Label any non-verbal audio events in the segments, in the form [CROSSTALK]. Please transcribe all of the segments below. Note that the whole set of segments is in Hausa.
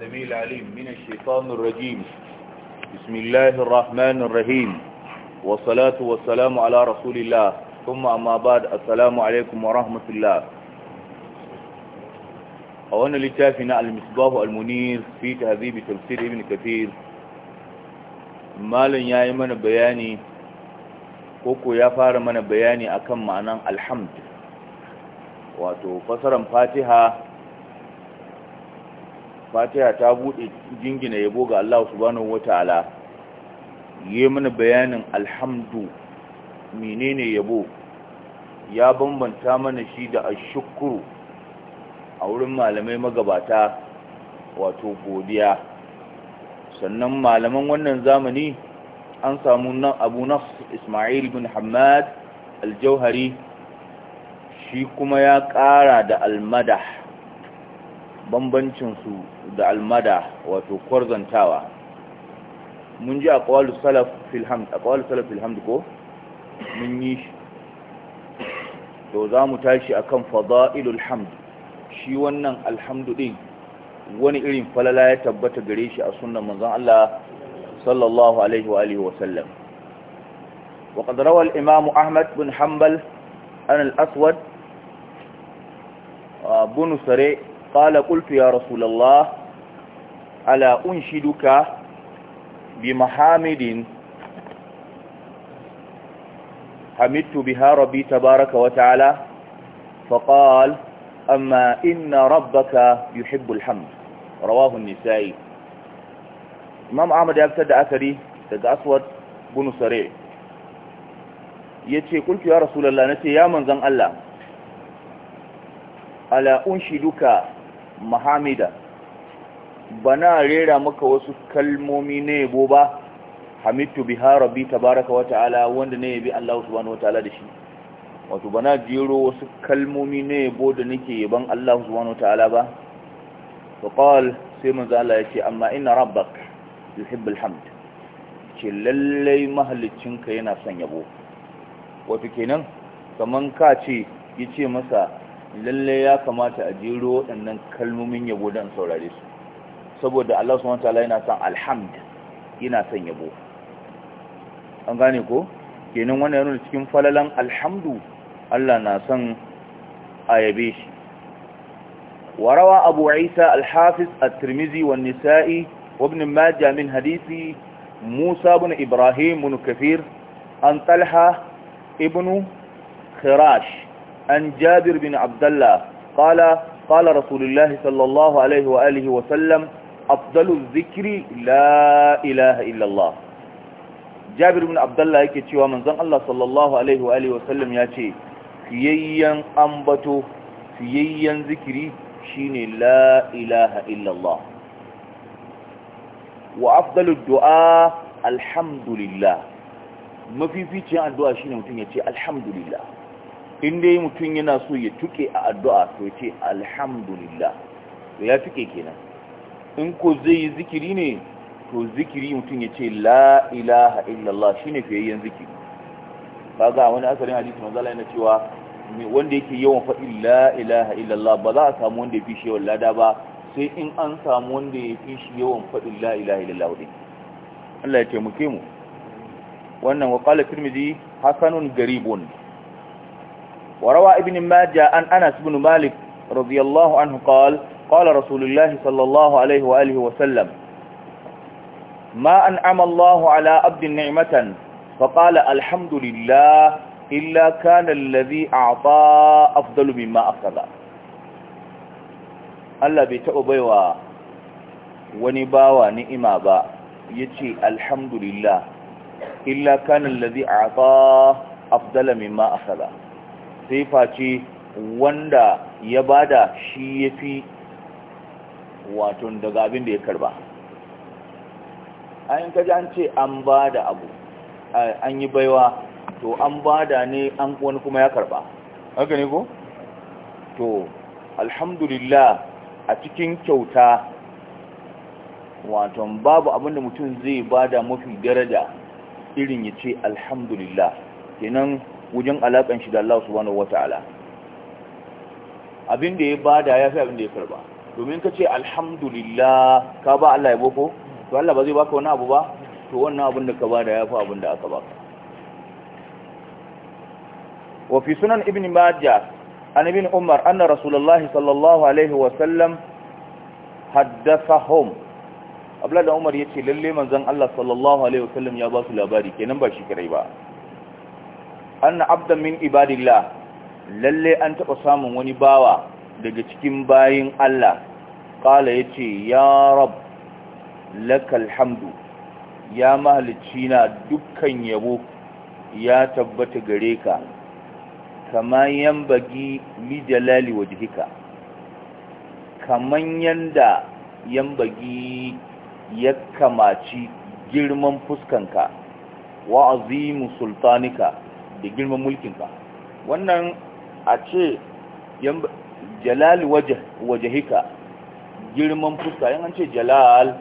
سميع العليم من الشيطان الرجيم بسم الله الرحمن الرحيم والصلاة والسلام على رسول الله ثم أما بعد السلام عليكم ورحمة الله أولا لتافنا المصباح المنير في تهذيب تفسير ابن كثير مالا يا إيمان بياني koko ya fara mana bayani akan ma'anan alhamd wato fasaran fatiha fatiha ta buɗe jingina yabo ga Allah subhanahu wataala yi mana bayanin alhamdu menene yabo ya bambanta mana shi da ashukuru a wurin malamai magabata wato godiya sannan malaman wannan zamani an samu nan abu nafs ismail bin hamad aljauhari shi kuma ya ƙara da almadah bambancinsu da almada wato kwarzantawa mun ji a kawalu salaf filhamd ko mun yi shi to za mu tashi a akan fada'ilul hamd shi wannan alhamdu din wani irin falala ya tabbata gare shi a sunan manzon Allah sallallahu alaihi wa alihi wa sallam وقد روى الإمام أحمد بن حنبل عن الأسود بن قال قلت يا رسول الله ألا أنشدك بمحامد حمدت بها ربي تبارك وتعالى فقال أما إن ربك يحب الحمد رواه النسائي imam ahmad ya fitar da akari daga aswad bunu sare ya ce ya rasulallah na ce ya Allah ala unshiduka mahamida bana rera maka wasu kalmomi na yabo ba hamitu biha bi tabaraka wa ta'ala wanda ne yabi Allah subhanahu wa ta'ala da shi wato bana jero wasu kalmomi na yabo da nake yaban Allah subhanahu wa ta'ala ba fa sai manzo Allah ce, amma ina rabbak yuhibbul hamd ce lallai mahallicinka yana son yabo wato kenan kaman ka ce yace masa lalle ya kamata a jero waɗannan kalmomin yabo don saurare su saboda Allah subhanahu wataala yana son alhamd yana son yabo an gane ko kenan wannan yana cikin falalan alhamdu Allah na son a yabe shi وروى Alhafis a الحافظ الترمذي والنسائي وابن ماجه من hadisi musa بن ibrahim بن kafir an talha ibn khirash عن جابر بن عبد الله قال قال رسول الله صلى الله عليه وآله وسلم أفضل الذكر لا إله إلا الله جابر بن عبد الله yake cewa manzon Allah sallallahu alaihi wa alihi ya ce fiyayyan ambato fiyayyan zikiri shine la ilaha illa wa afdalu du'a alhamdulillah mafificin addu'a shine mutum yace ce alhamdulillah Inda dai mutum yana so ya tuke a addu'a to ce alhamdulillah to ya tuke kenan in ko zai yi zikiri ne to zikiri mutum ya ce la ilaha illallah shine yin zikiri ga wani asalin hadisi na zala yana cewa wanda yake yawan faɗi la ilaha illallah ba za a samu wanda ya fi shi yawan lada ba sai in an samu wanda ya fi shi yawan faɗi la ilaha illallah Allah ya taimake mu wannan wa qala tirmidhi garibun وروى ابن ماجه عن أنس بن مالك رضي الله عنه قال قال رسول الله صلى الله عليه وآله وسلم ما أنعم الله على عبد نعمة فقال الحمد لله إلا كان الذي أعطى أفضل مما أخذ الله بيتأبيوا ونباوا نئما با يتي الحمد لله إلا كان الذي أعطى أفضل مما أخذ sai face wanda ya bada shi ya fi wato daga abin da ya karba ayin kaji an ce an bada abu an yi baiwa to an bada ne an wani kuma ya karba haka ne ko? to alhamdulillah a cikin kyauta wato babu abin da mutum zai bada mafi daraja irin ya ce alhamdulillah kenan wajen alakan shi da Allah subhanahu wataala abin da ya bada ya fi abin da ya karba domin ka ce alhamdulillah ka ba Allah ya boko to Allah ba zai baka wani abu ba to wannan abin da ka bada ya fi abin da aka baka wa fi sunan ibn majah an ibn umar anna rasulullah sallallahu alaihi wa sallam haddathahum abla da umar yace lalle manzon Allah sallallahu alaihi wa sallam ya ba su labari kenan ba shi kare ba anna abdan min ibadillah lalle an taba samun wani bawa daga cikin bayin Allah qala yace ya rab lakal hamdu ya mahalicci na dukkan yabo ya tabbata gare ka kama yambagi li jalali wajhika kaman yanda yambagi ya kamaci girman fuskanka wa azimu sultanika da girman mulkinka wannan a ce jalal wajahika girman fuska yan an ce jalal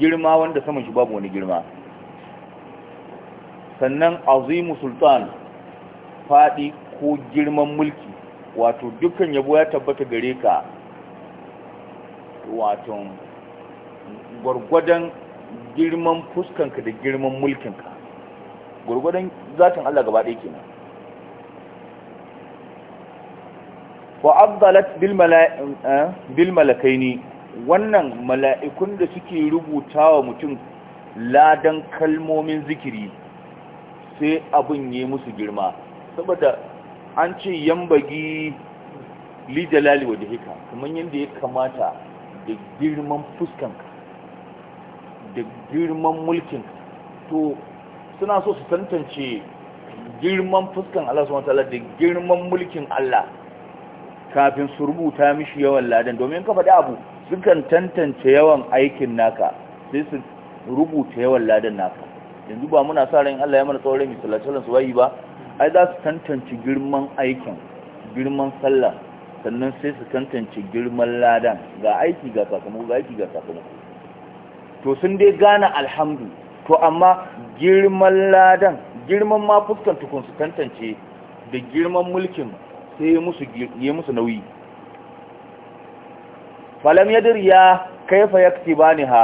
girma wanda saman shi babu wani girma sannan azimu sultan faɗi ko girman mulki wato dukkan yabo ya tabbata gare ka wato gwargwadon girman fuskanka da girman mulkinka gurgudan zatin Allah gaba ɗaya kenan wa afdalat bil mala'ika eh, bil malakaini wannan mala'ikun da suke rubutawa mutum ladan kalmomin zikiri sai abun yi musu girma saboda an ce yambagi li jalali wa jihika kamar yadda ya kamata da girman fuskanka da girman mulkin to suna so su tantance girman fuskan Allah su wata da girman mulkin Allah kafin su rubuta mishi yawan ladan domin ka faɗi abu sukan tantance yawan aikin naka sai su rubuta yawan ladan naka yanzu ba muna sa ran Allah ya mana tsaurin misalatalan su wayi ba ai za su tantance girman aikin girman sallah sannan sai su tantance girman ladan ga aiki ga sakamako ga aiki ga sakamako to sun dai gane alhamdu to amma girman ladan girman ma fuskan tukun su tantance da girman mulkin sai ya musu nauyi falam yadir ya kaifa yakti bani ha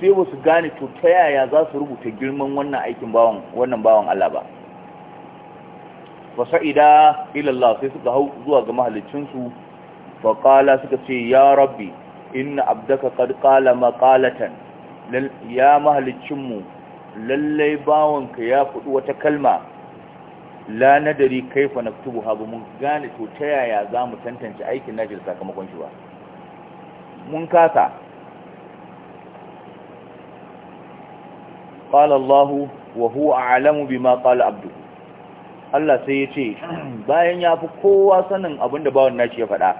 sai ba su gane to ta yaya za su rubuta girman wannan aikin bawon wannan bawan Allah ba fa sa'ida ila Allah sai suka hau zuwa ga mahallicin su fa qala suka ce ya rabbi inna abdaka qad qala maqalatan ya mahallicin mu lallai bawanka ya fudu wata kalma la nadari kaifa naktubu ha mun gane to ta yaya za mu tantance aikin nashi sakamakon shi ba mun kasa qala allah wa huwa a'lamu bima qala abdu Allah sai ya ce [CLEARS THROAT] bayan ya fi kowa sanin abinda bawan nashi ya faɗa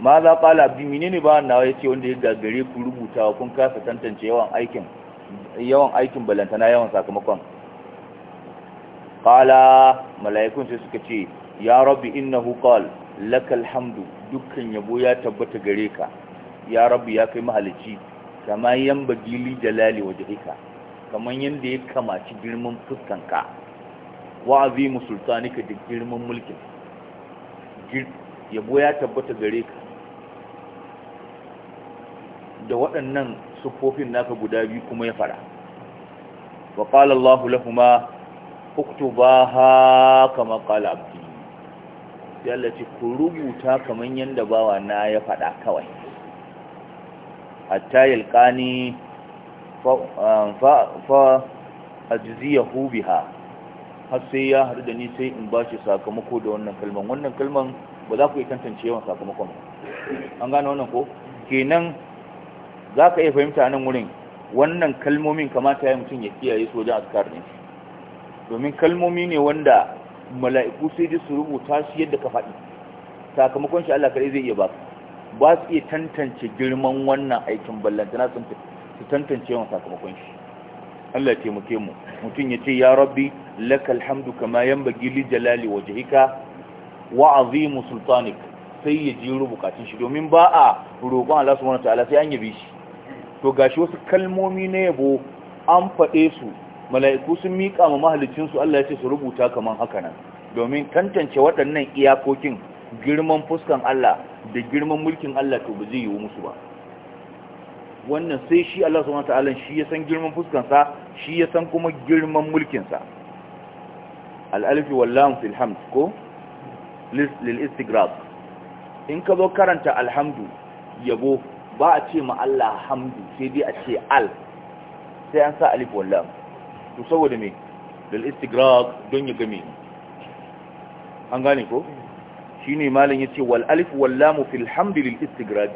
ma za qala abdi menene bawan nawa ce wanda ya gagare ku rubutawa kun kasa tantance yawan aikin yawan aikin balantana yawan sakamakon kala mala'ikun sai suka ce ya rabbi innahu qal lakal hamdu dukkan yabo ya tabbata gare ka ya rabbi ya kai mahalici kama yambagi li jalali wajhika Kamar yanda ya kamaci girman fuskanka wa azimu sultanika da girman mulkin yabo ya tabbata gare da waɗannan sufofin naka guda biyu kuma ya fara wa ma Allahu ba ha kama ƙala abdi yalla ce ku rubuta kaman yadda bawa na ya fada kawai hatta yalqani fa fa hubi ha har sai ya haɗu da ni sai in shi sakamako da wannan kalman wannan kalman ba za ku yi tantance yawan sakamakon an gane wannan ko kenan za ka iya fahimta nan wurin wannan kalmomin kamata ya mutum ya kiyaye su wajen azkar ne domin kalmomi ne wanda mala'iku sai ji su rubuta shi yadda ka faɗi sakamakon shi Allah kare zai iya baka ba su iya tantance girman wannan aikin ballantana sun su tantance yawan sakamakon shi Allah ce muke mu mutum ya ce ya rabbi lakal hamdu kama yanbaghi li jalali wajhika wa azim sultanik sai ya ji rubukatun shi domin ba a roƙon Allah subhanahu wataala sai an yabi shi to gashi wasu kalmomi na yabo an faɗe su mala'iku sun miƙa ma mahalicinsu Allah ya ce su rubuta kaman haka nan domin tantance waɗannan iyakokin girman fuskan Allah da girman mulkin Allah to ba zai yiwu musu ba wannan sai shi Allah subhanahu wataala shi ya san girman fuskansa shi ya san kuma girman mulkinsa al-alif wal lam fil hamd ko lil istighraq in ka zo karanta alhamdu yabo ba a ce ma Allah hamdu sai dai a ce al sai an sa alif wallam to saboda me lil istigraq don ya game an gane ko shine malam yace wal alif wallam fil hamd lil istigraq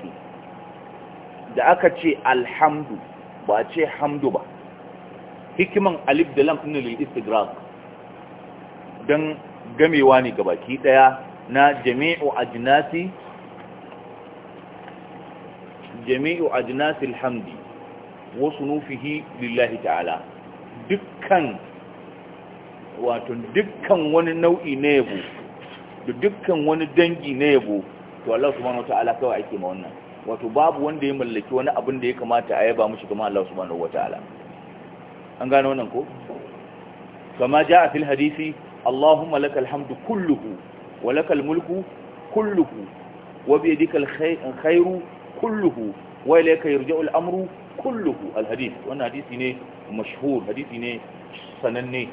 da aka ce alhamdu ba ce hamdu ba hikiman alif da lam din lil istigraq dan gamewa ne gabaki daya na jami'u ajnasi jami'u ajnasil hamdi wa sunufihi lillahi ta'ala dukkan wato dukkan wani nau'i na yabo da dukkan wani dangi na yabo to Allah subhanahu wataala kawai ake ma wannan wato babu wanda ya mallaki wani abin da ya kamata a yaba mushi kamar Allah subhanahu wataala an gano wannan ko kama a fil hadisi Allahumma lakal alhamdu kulluhu wa lakal mulku kulluhu wa bi yadikal khayru kulluhu wa ilayka yarji'u al-amru kulluhu al-hadith wannan hadisi ne mashhur hadisi ne sananne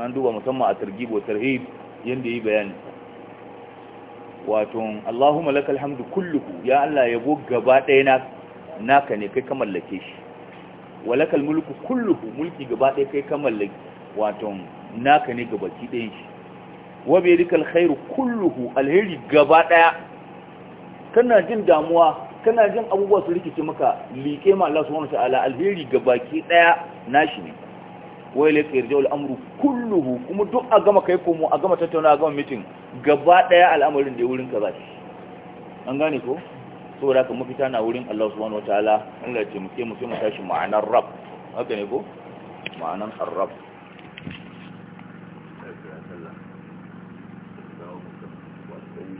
an duba musamman a targhib wa tarhib yanda yi bayani wato Allahumma lakal hamdu kulluhu ya Allah yabo gaba ɗaya na naka ne kai ka mallake shi wa mulku kulluhu mulki gaba ɗaya kai ka mallake wato naka ne gabaki shi wa khairu kulluhu alheri gaba ɗaya kana jin damuwa kana jin abubuwa su rikice maka liƙe ma Allah subhanahu wataala alheri ga baki daya nashi ne wa ilayka yarja'u al-amru kulluhu kuma duk a gama kai komo a gama tattauna a gama meeting gaba daya al'amarin da wurin ka zaki an gane ko saboda haka mafita na wurin Allah subhanahu wataala Allah ya ce mu sai mu tashi ma'anar rabb haka ne ko ma'anar rabb